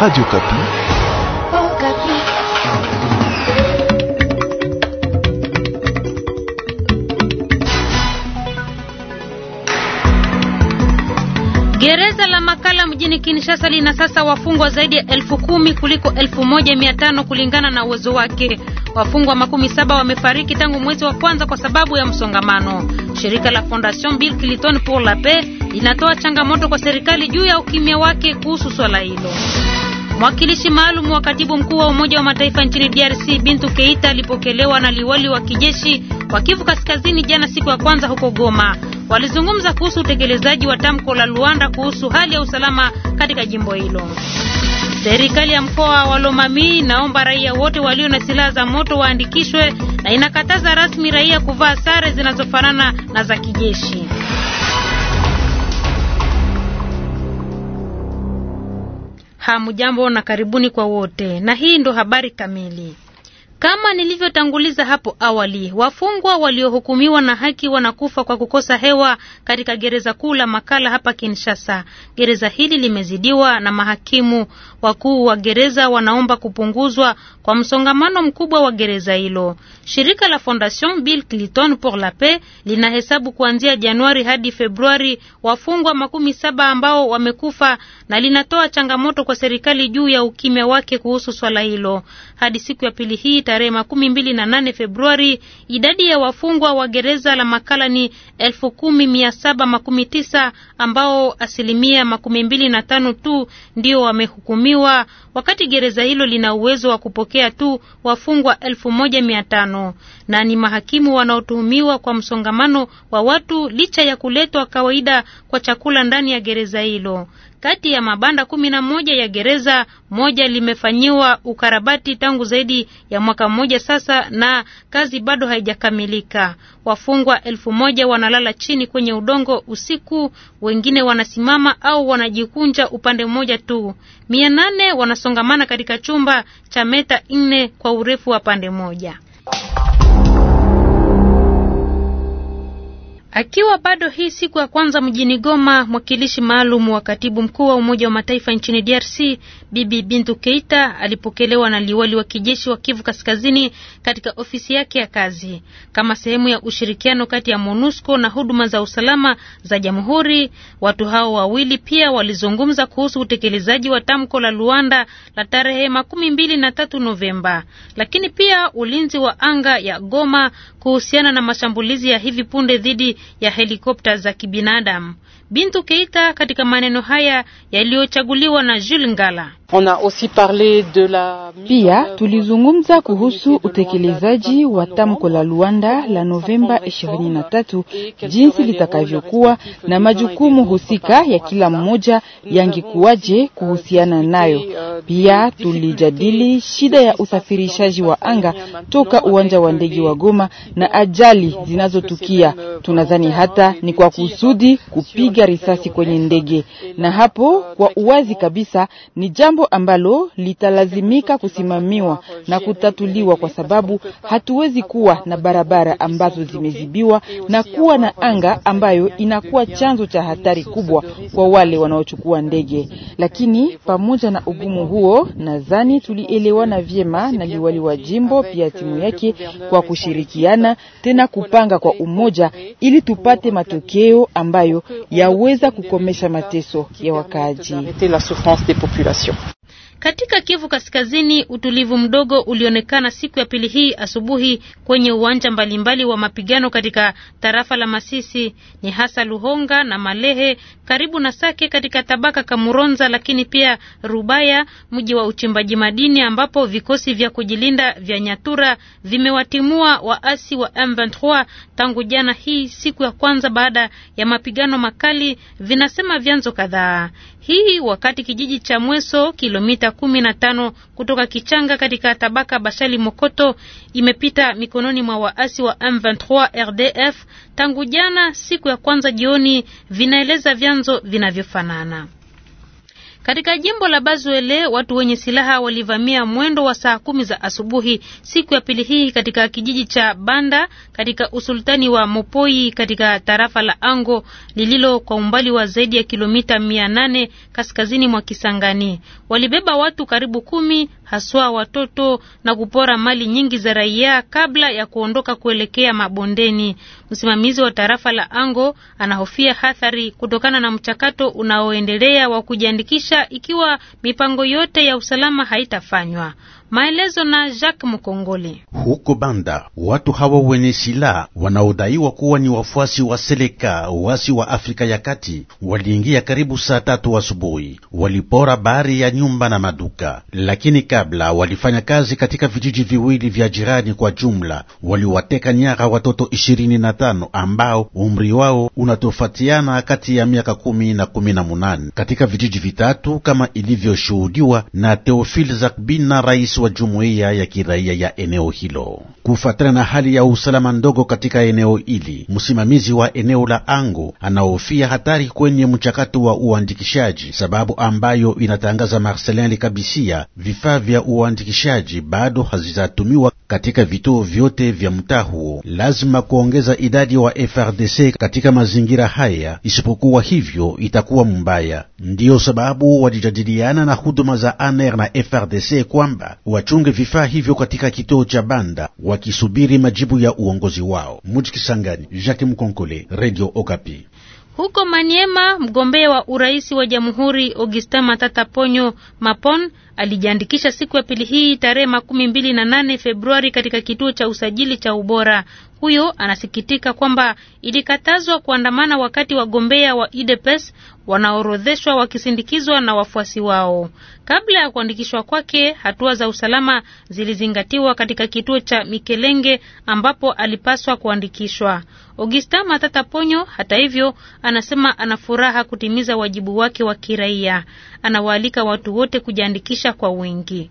Radio Kapi. Oh, Kapi. Gereza la Makala mjini Kinshasa lina sasa wafungwa zaidi ya elfu kumi kuliko elfu moja mia tano kulingana na uwezo wake. Wafungwa makumi saba wamefariki tangu mwezi wa kwanza kwa sababu ya msongamano. Shirika la Fondation Bill Clinton pour la Paix linatoa changamoto kwa serikali juu ya ukimya wake kuhusu swala hilo. Mwakilishi maalum wa katibu mkuu wa Umoja wa Mataifa nchini DRC Bintu Keita alipokelewa na liwali wa kijeshi wa Kivu Kaskazini jana siku ya kwanza huko Goma. Walizungumza kuhusu utekelezaji wa tamko la Luanda kuhusu hali ya usalama katika jimbo hilo. Serikali ya mkoa wa Lomami naomba raia wote walio na silaha za moto waandikishwe na inakataza rasmi raia kuvaa sare zinazofanana na za kijeshi. Hamjambo na karibuni kwa wote, na hii ndo habari kamili. Kama nilivyotanguliza hapo awali, wafungwa waliohukumiwa na haki wanakufa kwa kukosa hewa katika gereza kuu la Makala hapa Kinshasa. Gereza hili limezidiwa na mahakimu wakuu wa gereza wanaomba kupunguzwa kwa msongamano mkubwa wa gereza hilo. Shirika la Fondation Bill Clinton pour la Paix linahesabu kuanzia Januari hadi Februari wafungwa makumi saba ambao wamekufa na linatoa changamoto kwa serikali juu ya ukimya wake kuhusu swala hilo. Hadi siku ya pili hii tarehe makumi mbili na nane Februari, idadi ya wafungwa wa gereza la Makala ni elfu kumi mia saba makumi tisa ambao asilimia makumi mbili na tano tu ndio wamehukumiwa, wakati gereza hilo lina uwezo wa kupokea tu wafungwa elfu moja mia tano na ni mahakimu wanaotuhumiwa kwa msongamano wa watu licha ya kuletwa kawaida kwa chakula ndani ya gereza hilo. Kati ya mabanda kumi na moja ya gereza moja limefanyiwa ukarabati tangu zaidi ya mwaka mmoja sasa, na kazi bado haijakamilika. Wafungwa elfu moja wanalala chini kwenye udongo usiku, wengine wanasimama au wanajikunja upande mmoja tu. Mia nane wanasongamana katika chumba cha meta nne kwa urefu wa pande moja. Akiwa bado hii siku ya kwanza mjini Goma, mwakilishi maalum wa katibu mkuu wa Umoja wa Mataifa nchini DRC Bibi Bintu Keita alipokelewa na liwali wa kijeshi wa Kivu Kaskazini katika ofisi yake ya kazi kama sehemu ya ushirikiano kati ya MONUSCO na huduma za usalama za jamhuri. Watu hao wawili pia walizungumza kuhusu utekelezaji wa tamko la Luanda la tarehe makumi mbili na tatu Novemba, lakini pia ulinzi wa anga ya Goma kuhusiana na mashambulizi ya hivi punde dhidi ya helikopta za kibinadamu. Bintu Keita katika maneno haya yaliyochaguliwa na Jules Ngala. Pia tulizungumza kuhusu utekelezaji wa tamko la Luanda la Novemba 23 jinsi litakavyokuwa na majukumu husika ya kila mmoja yangekuwaje kuhusiana euh, nayo. Euh, Pia tulijadili shida ya usafirishaji wa anga toka uwanja wa ndege wa Goma na ajali zinazotukia. Tunadhani hata ni kwa kusudi kupiga risasi kwenye ndege, na hapo euh, kwa uwazi kabisa ni jambo jambo ambalo litalazimika kusimamiwa na kutatuliwa, kwa sababu hatuwezi kuwa na barabara ambazo zimezibiwa na kuwa na anga ambayo inakuwa chanzo cha hatari kubwa kwa wale wanaochukua ndege. Lakini pamoja na ugumu huo, nadhani tulielewana vyema na liwali wa jimbo pia timu yake kwa kushirikiana tena kupanga kwa umoja ili tupate matokeo ambayo yaweza kukomesha mateso ya wakaaji. Katika Kivu Kaskazini, utulivu mdogo ulionekana siku ya pili hii asubuhi kwenye uwanja mbalimbali wa mapigano katika tarafa la Masisi, ni hasa Luhonga na Malehe karibu na Sake katika tabaka Kamuronza, lakini pia Rubaya, mji wa uchimbaji madini, ambapo vikosi vya kujilinda vya Nyatura vimewatimua waasi wa M23 tangu jana hii siku ya kwanza baada ya mapigano makali, vinasema vyanzo kadhaa. Hii wakati kijiji cha Mweso kilomita kilomita kumi na tano kutoka Kichanga katika tabaka Bashali Mokoto imepita mikononi mwa waasi wa M23 RDF tangu jana siku ya kwanza jioni, vinaeleza vyanzo vinavyofanana. Katika jimbo la Bazuele watu wenye silaha walivamia mwendo wa saa kumi za asubuhi siku ya pili hii katika kijiji cha Banda katika usultani wa Mopoi katika tarafa la Ango lililo kwa umbali wa zaidi ya kilomita mia nane kaskazini mwa Kisangani. Walibeba watu karibu kumi, haswa watoto na kupora mali nyingi za raia kabla ya kuondoka kuelekea mabondeni. Msimamizi wa tarafa la Ango anahofia hathari kutokana na mchakato unaoendelea wa kujiandikisha ikiwa mipango yote ya usalama haitafanywa. Maelezo na Jacques Mukongole. Huko Banda, watu hawa wenye silaha wanaodaiwa kuwa ni wafuasi wa Seleka, wasi wa Afrika ya Kati, waliingia karibu saa tatu asubuhi, wa walipora bari ya nyumba na maduka, lakini kabla walifanya kazi katika vijiji viwili vya jirani. Kwa jumla waliwateka nyara watoto ishirini na tano ambao umri wao unatofautiana kati ya miaka kumi na kumi na munane katika vijiji vitatu kama ilivyoshuhudiwa na Theophile Zakbina, rais wa jumuiya ya kiraia ya eneo hilo. Kufuatana na hali ya usalama ndogo katika eneo hili, msimamizi wa eneo la Ango anahofia hatari kwenye mchakato wa uandikishaji, sababu ambayo inatangaza Marcelin Likabisia, vifaa vya uandikishaji bado hazitatumiwa katika vituo vyote vya mtaa huo. Lazima kuongeza idadi wa FRDC katika mazingira haya, isipokuwa hivyo itakuwa mbaya. Ndiyo sababu walijadiliana na huduma za ANER na FRDC kwamba wachunge vifaa hivyo katika kituo cha Banda wakisubiri majibu ya uongozi wao. Muji Jacques Mkonkole, Radio Okapi. Huko Maniema, mgombea wa urais wa jamhuri Augustin Matata Ponyo Mapon alijiandikisha siku ya pili hii tarehe makumi mbili na nane Februari katika kituo cha usajili cha ubora. Huyo anasikitika kwamba ilikatazwa kuandamana wakati wagombea wa UDPS wanaorodheshwa wakisindikizwa na wafuasi wao. Kabla ya kuandikishwa kwake, hatua za usalama zilizingatiwa katika kituo cha Mikelenge ambapo alipaswa kuandikishwa. Augusta Matata Ponyo, hata hivyo, anasema ana furaha kutimiza wajibu wake wa kiraia. Anawaalika watu wote kujiandikisha kufundisha kwa wingi.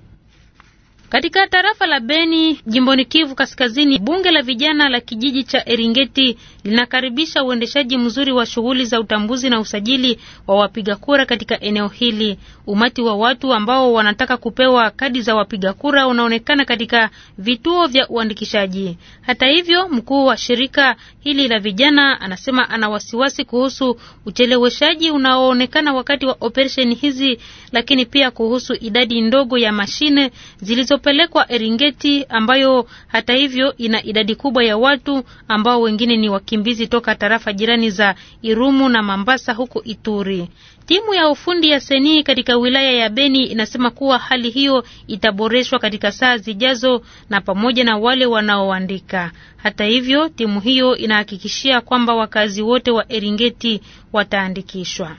Katika tarafa la Beni, jimboni Kivu Kaskazini, bunge la vijana la kijiji cha Eringeti linakaribisha uendeshaji mzuri wa shughuli za utambuzi na usajili wa wapiga kura katika eneo hili. Umati wa watu ambao wanataka kupewa kadi za wapiga kura unaonekana katika vituo vya uandikishaji. Hata hivyo, mkuu wa shirika hili la vijana anasema ana wasiwasi kuhusu ucheleweshaji unaoonekana wakati wa operesheni hizi, lakini pia kuhusu idadi ndogo ya mashine zilizo kupelekwa Eringeti ambayo hata hivyo ina idadi kubwa ya watu ambao wengine ni wakimbizi toka tarafa jirani za Irumu na Mambasa huko Ituri. Timu ya ufundi ya Seni katika wilaya ya Beni inasema kuwa hali hiyo itaboreshwa katika saa zijazo na pamoja na wale wanaoandika. Hata hivyo, timu hiyo inahakikishia kwamba wakazi wote wa Eringeti wataandikishwa.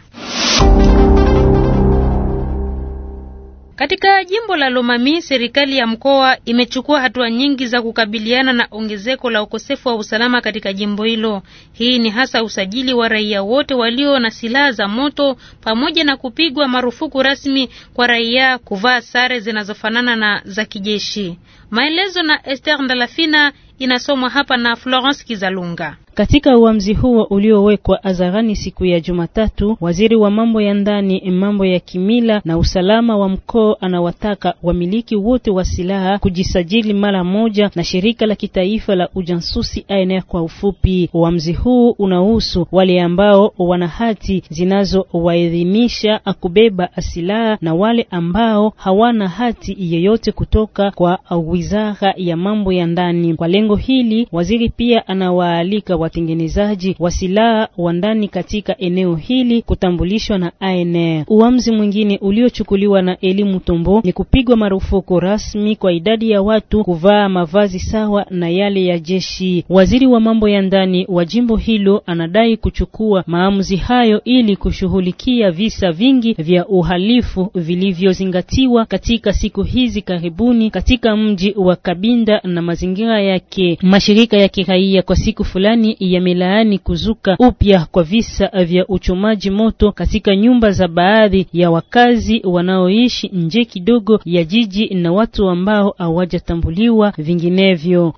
Katika jimbo la Lomami, serikali ya mkoa imechukua hatua nyingi za kukabiliana na ongezeko la ukosefu wa usalama katika jimbo hilo. Hii ni hasa usajili wa raia wote walio na silaha za moto pamoja na kupigwa marufuku rasmi kwa raia kuvaa sare zinazofanana na za kijeshi. Maelezo na Esther Ndalafina inasomwa hapa na Florence Kizalunga. Katika uamuzi huo uliowekwa hadharani siku ya Jumatatu, waziri wa mambo ya ndani, mambo ya kimila na usalama wa mkoa anawataka wamiliki wote wa silaha kujisajili mara moja na shirika la kitaifa la ujasusi ANR kwa ufupi. Uamuzi huu unahusu wale ambao wana hati zinazowaidhinisha kubeba silaha na wale ambao hawana hati yeyote kutoka kwa wizara ya mambo ya ndani. Kwa lengo hili, waziri pia anawaalika watengenezaji wa silaha wa ndani katika eneo hili kutambulishwa na ANR. Uamuzi mwingine uliochukuliwa na elimu Tombo ni kupigwa marufuku rasmi kwa idadi ya watu kuvaa mavazi sawa na yale ya jeshi. Waziri wa mambo ya ndani wa jimbo hilo anadai kuchukua maamuzi hayo ili kushughulikia visa vingi vya uhalifu vilivyozingatiwa katika siku hizi karibuni katika mji wa Kabinda na mazingira yake. Mashirika ya kiraia kwa siku fulani Marekani yamelaani kuzuka upya kwa visa vya uchomaji moto katika nyumba za baadhi ya wakazi wanaoishi nje kidogo ya jiji na watu ambao hawajatambuliwa vinginevyo.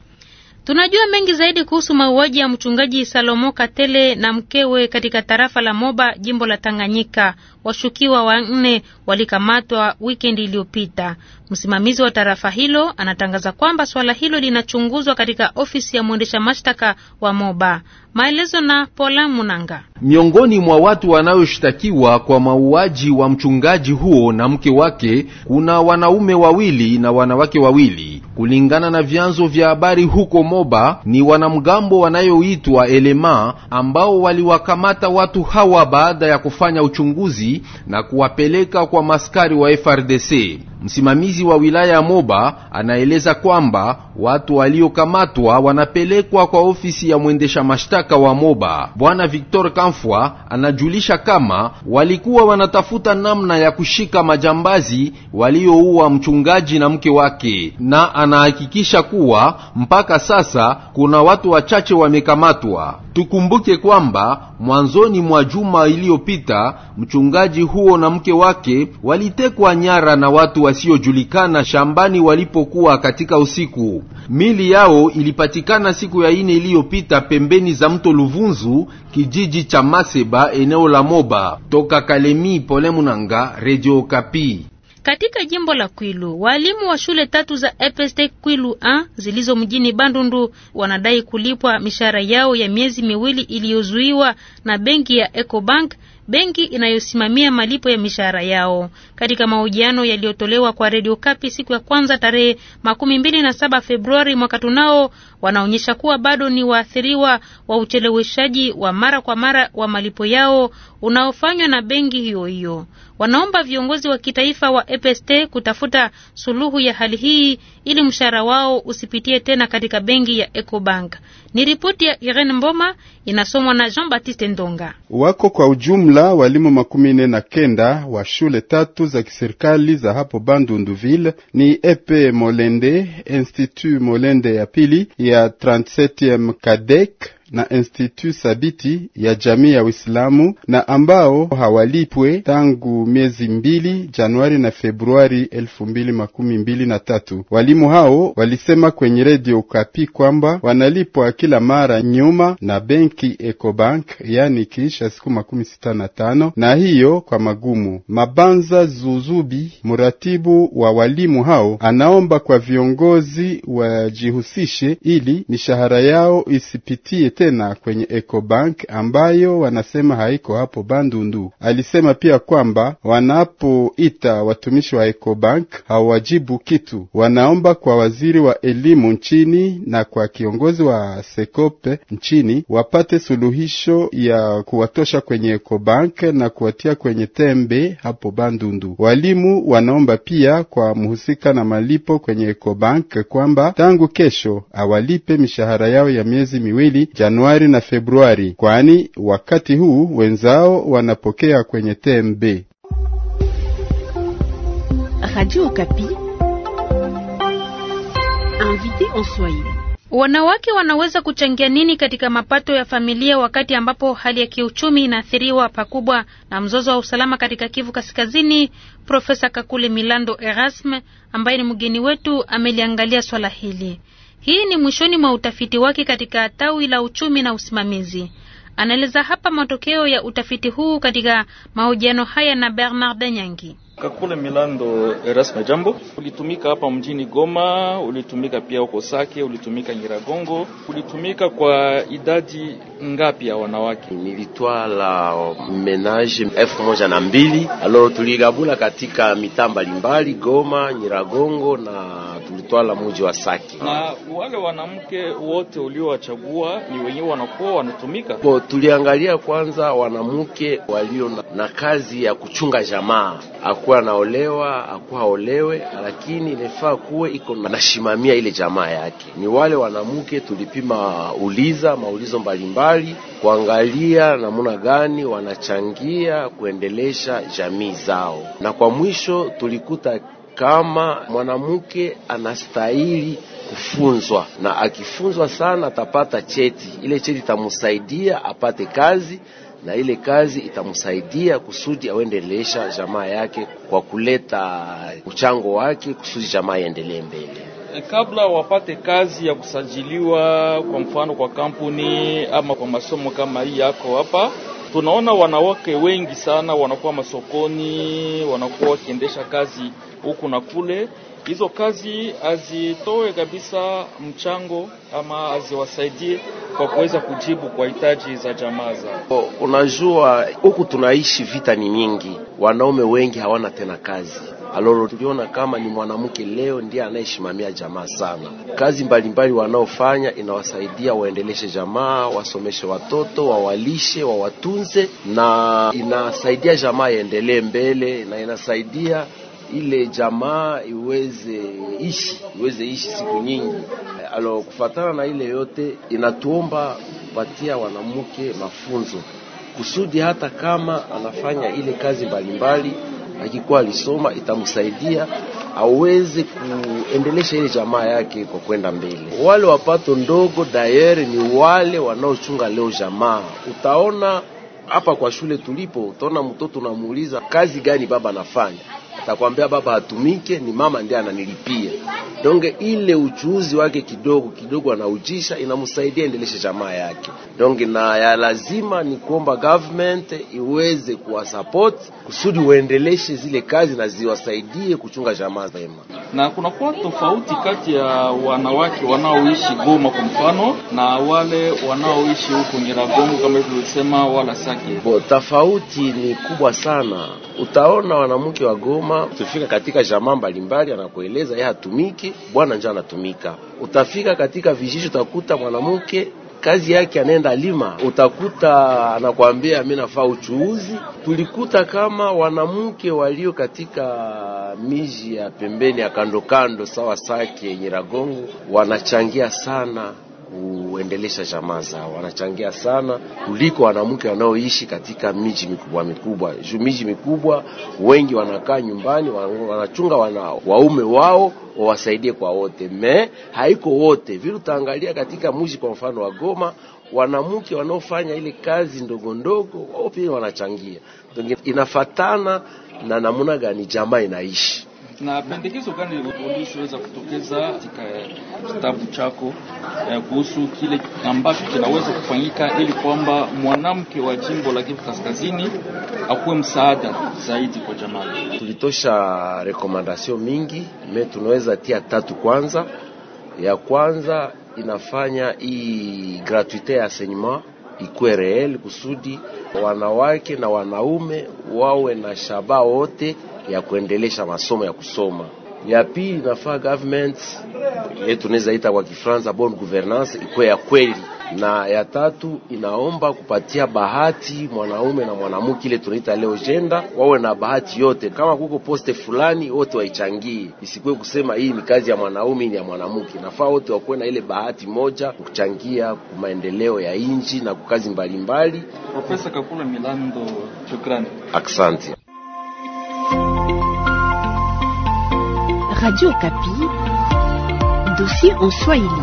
Tunajua mengi zaidi kuhusu mauaji ya mchungaji Salomo Katele na mkewe katika tarafa la Moba, jimbo la Tanganyika washukiwa wanne walikamatwa wikendi iliyopita. Msimamizi wa tarafa hilo anatangaza kwamba swala hilo linachunguzwa katika ofisi ya mwendesha mashtaka wa Moba. Maelezo na Pola Munanga. Miongoni mwa watu wanayoshtakiwa kwa mauaji wa mchungaji huo na mke wake kuna wanaume wawili na wanawake wawili. Kulingana na vyanzo vya habari huko Moba, ni wanamgambo wanayoitwa Elema ambao waliwakamata watu hawa baada ya kufanya uchunguzi na kuwapeleka kwa maskari wa FRDC. Msimamizi wa wilaya ya Moba anaeleza kwamba watu waliokamatwa wanapelekwa kwa ofisi ya mwendesha mashtaka wa Moba. Bwana Victor Kamfwa anajulisha kama walikuwa wanatafuta namna ya kushika majambazi walioua mchungaji na mke wake, na anahakikisha kuwa mpaka sasa kuna watu wachache wamekamatwa. Tukumbuke kwamba mwanzoni mwa juma iliyopita mchungaji mchungaji huo na mke wake walitekwa nyara na watu wasiojulikana shambani walipokuwa katika usiku. Mili yao ilipatikana siku ya ine iliyopita pembeni za mto Luvunzu, kijiji cha Maseba, eneo la Moba. Toka Kalemi, Pole Munanga, Radio Kapi. Katika jimbo la Kwilu walimu wa shule tatu za EPST Kwilu A zilizo mjini Bandundu wanadai kulipwa mishahara yao ya miezi miwili iliyozuiwa na benki ya Ecobank benki inayosimamia malipo ya mishahara yao. Katika mahojiano yaliyotolewa kwa Radio Kapi siku ya kwanza tarehe makumi mbili na saba Februari mwaka tunao, wanaonyesha kuwa bado ni waathiriwa wa ucheleweshaji wa mara kwa mara wa malipo yao unaofanywa na benki hiyo hiyo wanaomba viongozi wa kitaifa wa EPST kutafuta suluhu ya hali hii ili mshahara wao usipitie tena katika benki ya Ecobank. Ni ripoti ya Irene Mboma inasomwa na Jean Baptiste Ndonga. Wako kwa ujumla walimu makumi nne na kenda wa shule tatu za kiserikali za hapo Bandunduville ni Epe Molende, Institut Molende ya pili ya 37e Kadek na Institut Sabiti ya jamii ya Uislamu na ambao hawalipwe tangu miezi mbili Januari na Februari elfu mbili makumi mbili na tatu. Walimu hao walisema kwenye redio Ukapi kwamba wanalipwa kila mara nyuma na benki Ecobank, yani kisha siku makumi sita na tano, na hiyo kwa magumu. Mabanza Zuzubi, mratibu wa walimu hao, anaomba kwa viongozi wajihusishe ili mishahara yao isipitie tena kwenye Ecobank ambayo wanasema haiko hapo Bandundu. Alisema pia kwamba wanapoita watumishi wa Ecobank hawajibu kitu. Wanaomba kwa waziri wa elimu nchini na kwa kiongozi wa Sekope nchini wapate suluhisho ya kuwatosha kwenye Ecobank na kuwatia kwenye tembe hapo Bandundu. Walimu wanaomba pia kwa mhusika na malipo kwenye Ecobank kwamba tangu kesho awalipe mishahara yao ya miezi miwili. Januari na Februari, kwani wakati huu wenzao wanapokea kwenye TMB. Radio Okapi. Wanawake wanaweza kuchangia nini katika mapato ya familia wakati ambapo hali ya kiuchumi inaathiriwa pakubwa na mzozo wa usalama katika Kivu Kaskazini? Profesa Kakule Milando Erasme ambaye ni mgeni wetu ameliangalia swala hili. Hii ni mwishoni mwa utafiti wake katika tawi la uchumi na usimamizi. Anaeleza hapa matokeo ya utafiti huu katika mahojiano haya na Bernard Nyangi. Kakule Milando Erasme, jambo. Ulitumika hapa mjini Goma, ulitumika pia huko Sake, ulitumika Nyiragongo. Ulitumika kwa idadi ngapi ya wanawake? Nilitwala menage elfu moja na mbili. Alo, tuligabula katika mitaa mbalimbali Goma, Nyiragongo na tulitwala muji wa Sake. Na wale wanamke wote uliowachagua ni wenyewe wanakuwa wanatumika po. Tuliangalia kwanza wanamke walio na, na kazi ya kuchunga jamaa, akuwa naolewa akuwa olewe, lakini inafaa kuwe iko nashimamia ile jamaa yake. Ni wale wanamke tulipima uliza maulizo mbalimbali kuangalia namna gani wanachangia kuendelesha jamii zao, na kwa mwisho tulikuta kama mwanamke anastahili kufunzwa, na akifunzwa sana atapata cheti. Ile cheti itamsaidia apate kazi na ile kazi itamsaidia kusudi awendelesha jamaa yake kwa kuleta uchango wake kusudi jamaa iendelee mbele. Eh, kabla wapate kazi ya kusajiliwa, kwa mfano kwa kampuni ama kwa masomo kama hii yako hapa tunaona wanawake wengi sana wanakuwa masokoni, wanakuwa wakiendesha kazi huku na kule. Hizo kazi hazitoe kabisa mchango ama haziwasaidie kwa kuweza kujibu kwa hitaji za jamaa zao. Unajua, huku tunaishi vita ni nyingi, wanaume wengi hawana tena kazi tuliona kama ni mwanamke leo ndiye anayeshimamia jamaa sana. Kazi mbalimbali wanaofanya inawasaidia waendeleshe jamaa, wasomeshe watoto, wawalishe, wawatunze, na inasaidia jamaa iendelee mbele na inasaidia ile jamaa iweze ishi iweze ishi siku nyingi. Alo, kufatana na ile yote, inatuomba kupatia wanamke mafunzo kusudi hata kama anafanya ile kazi mbalimbali mbali, akikuwa alisoma itamsaidia aweze kuendelesha ile jamaa yake kwa kwenda mbele. Wale wapato ndogo dayere ni wale wanaochunga leo jamaa. Utaona hapa kwa shule tulipo, utaona mtoto unamuuliza kazi gani baba anafanya atakwambia baba atumike ni mama ndiye ananilipia. Donge ile uchuuzi wake kidogo kidogo anaujisha, inamsaidia endeleshe jamaa yake. Donge na ya lazima ni kuomba government iweze kuwasupport kusudi uendeleshe zile kazi na ziwasaidie kuchunga jamaa zema. Na kuna kwa tofauti kati ya wanawake wanaoishi Goma kwa mfano na wale wanaoishi huko Nyiragongo kama hivyo ulisema, wala Sake. Bo, tofauti ni kubwa sana. Utaona wanamke wa Goma Goma, utafika katika jamaa mbalimbali, anakueleza yeye hatumiki, bwana njaa anatumika. Utafika katika vijiji, utakuta mwanamke kazi yake anaenda lima, utakuta anakuambia mimi nafaa uchuuzi. Tulikuta kama wanamke walio katika miji ya pembeni ya kandokando sawa Sake, Nyiragongo, wanachangia sana kuendelesha jamaa zao, wanachangia sana kuliko wanamke wanaoishi katika miji mikubwa mikubwa. Juu miji mikubwa wengi wanakaa nyumbani, wanachunga wanao waume wao wawasaidie kwa wote, me haiko wote vile. Utaangalia katika mji kwa mfano wa Goma, wanamke wanaofanya ile kazi ndogo ndogo wao pia wanachangia. Inafatana na namuna gani jamaa inaishi na pendekezo gani ulishoweza kutokeza katika kitabu chako eh, kuhusu kile ambacho kinaweza kufanyika ili kwamba mwanamke wa jimbo la Kivu Kaskazini akuwe msaada zaidi kwa jamii? Tulitosha rekomandasio mingi me, tunaweza tia tatu. Kwanza ya kwanza inafanya hii gratuite ya enseignement ikuwe reel kusudi wanawake na wanaume wawe na shaba wote ya kuendelesha masomo ya kusoma. Ya pili nafaa government yetu eh, naweza ita kwa Kifaransa bon governance ikuwe ya kweli, na ya tatu inaomba kupatia bahati mwanaume na mwanamke, ile tunaita leo jenda, wawe na bahati yote. Kama kuko poste fulani, wote waichangie, isikuwe kusema hii ni kazi ya mwanaume, ni ya mwanamke. Nafaa wote wakuwe na ile bahati moja kuchangia kwa maendeleo ya inji na kukazi mbalimbali. Profesa Kakula Milando, shukrani, asante. Radio Kapi, dossier en Swahili.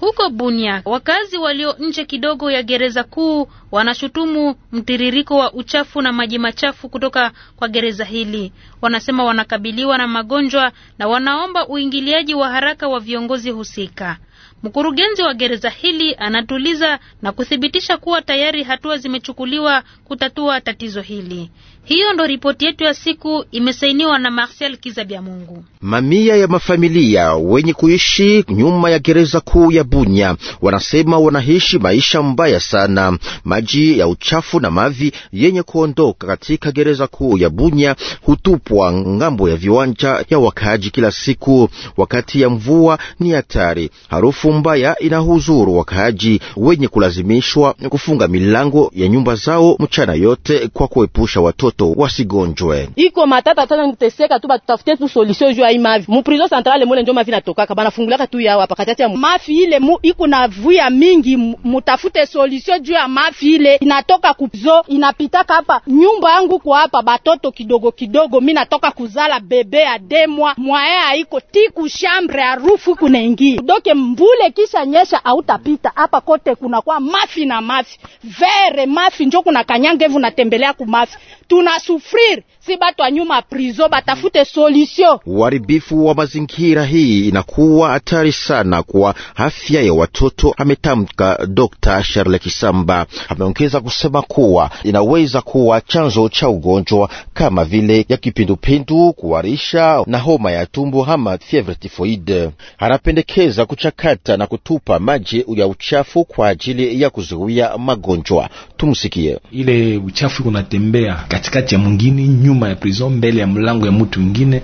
Huko Bunia, wakazi walio nje kidogo ya gereza kuu wanashutumu mtiririko wa uchafu na maji machafu kutoka kwa gereza hili. Wanasema wanakabiliwa na magonjwa na wanaomba uingiliaji wa haraka wa viongozi husika. Mkurugenzi wa gereza hili anatuliza na kuthibitisha kuwa tayari hatua zimechukuliwa kutatua tatizo hili. Hiyo ndo ripoti yetu ya siku imesainiwa na Marcel mungu Mamia ya mafamilia wenye kuishi nyuma ya gereza kuu ya Bunya wanasema wanaishi maisha mbaya sana. Maji ya uchafu na mavi yenye kuondoka katika gereza kuu ya Bunya hutupwa ngambo ya viwanja ya wakaaji kila siku. Wakati ya mvua ni hatari, harufu mbaya inahuzuru wakaaji wenye kulazimishwa kufunga milango ya nyumba zao mchana yote kwa kuepusha watoto watoto wasigonjwe. Iko matata tena niteseka tu, batutafute tu solution juu ya mavi mu prison centrale mule ndio mavi natokaka fungulaka tu yao hapa katati ya mafi ile mu, iko na vuya mingi, mutafute solution juu ya mafi ile inatoka kuzo inapitaka hapa nyumba yangu kwa hapa batoto kidogo kidogo, mimi natoka kuzala bebe ya demwa mwae haiko tiku shambre harufu kunaingia doke mbule kisha nyesha autapita hapa kote, kuna kwa mafi na mafi vere mafi njo kuna kanyangevu natembelea kumafi tuna tunasufrir si batu wa nyuma prizo batafute solution. Uharibifu wa mazingira hii inakuwa hatari sana kwa afya ya watoto, ametamka Dr. Charles Kisamba. Ameongeza kusema kuwa inaweza kuwa chanzo cha ugonjwa kama vile ya kipindupindu, kuharisha na homa ya tumbo ama fievre typhoide. Anapendekeza kuchakata na kutupa maji ya uchafu kwa ajili ya kuzuia magonjwa. Tumsikie. Ile uchafu unatembea kati katikati ya mwingine, nyuma ya prison, mbele ya mlango ya mtu mwingine,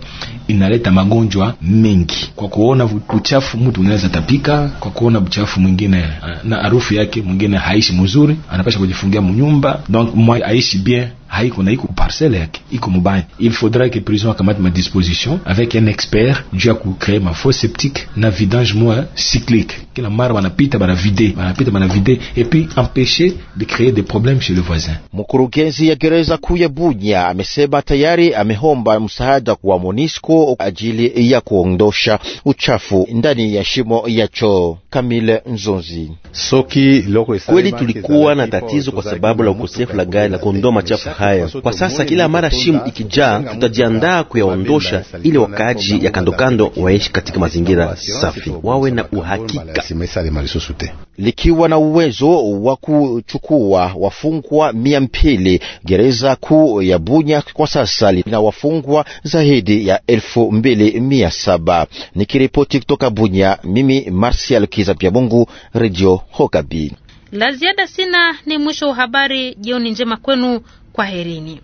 inaleta magonjwa mengi. Kwa kuona uchafu mtu unaweza tapika, kwa kuona uchafu mwingine eh, na harufu yake, mwingine haishi mzuri, anapasha kujifungia mnyumba, donc moi aishi bien haiko na iko parcelle yake iko mubani. Il faudra que prison akamate ma disposition avec un expert juu ya kucree mafo septique na vidange moya cyclique, kila mara banapita banavide banapita banavide et puis empêcher de créer des problèmes chez le voisin. Mkurugenzi ya gereza kuu ya Bunya amesema tayari amehomba msaada kwa Monisco ajili ya kuondosha uchafu ndani ya shimo ya choo. Kamile Nzonzi: Soki kweli tulikuwa na tatizo kwa sababu la ukosefu la gari la kuondoa machafu hayo. Kwa sasa kila mara shimu ikijaa, tutajiandaa kuyaondosha ili wakaaji ya kandokando waishi katika mazingira safi, wawe na uhakika. Likiwa na uwezo wa kuchukua wafungwa mia mbili, gereza kuu ya Bunya kwa sasa lina wafungwa zaidi ya elfu mbili mia saba. Nikiripoti kutoka Bunya, mimi Marsial Kiza Pyamungu, Radio Hokabi. La ziada sina, ni mwisho wa habari. Jioni njema kwenu, kwaherini.